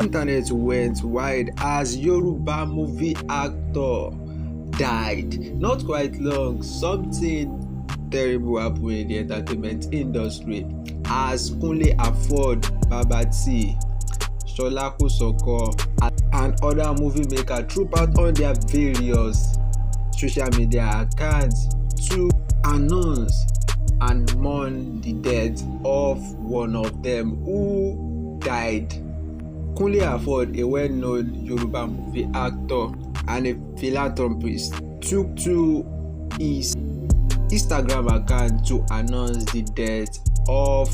Internet went wide as Yoruba movie actor died. Not quite long, something terrible happened in the entertainment industry as Kunle afford Babati, Shola Kosoko, and other movie makers troop out on their various social media accounts to announce and mourn the death of one of them who died Kunle afford a well-known Yoruba movie actor and a philanthropist, took to his Instagram account to announce the death of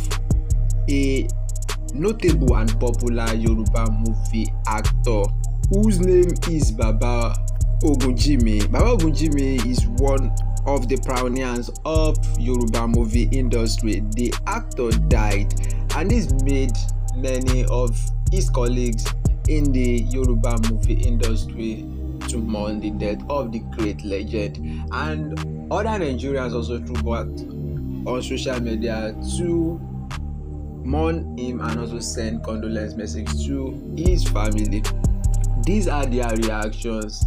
a notable and popular Yoruba movie actor whose name is Baba Ogunjimi. Baba Ogunjimi is one of the pioneers of Yoruba movie industry. The actor died and this made many of his colleagues in the Yoruba movie industry to mourn the death of the great legend and other Nigerians also threw back on social media to mourn him and also send condolence messages to his family. These are their reactions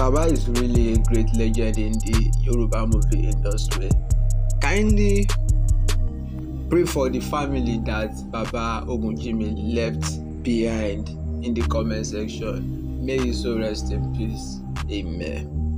Baba is really a great legend in the Yoruba movie industry. Kindly pray for the family that Baba Ogunjimi left behind in the comment section. May you so rest in peace. Amen.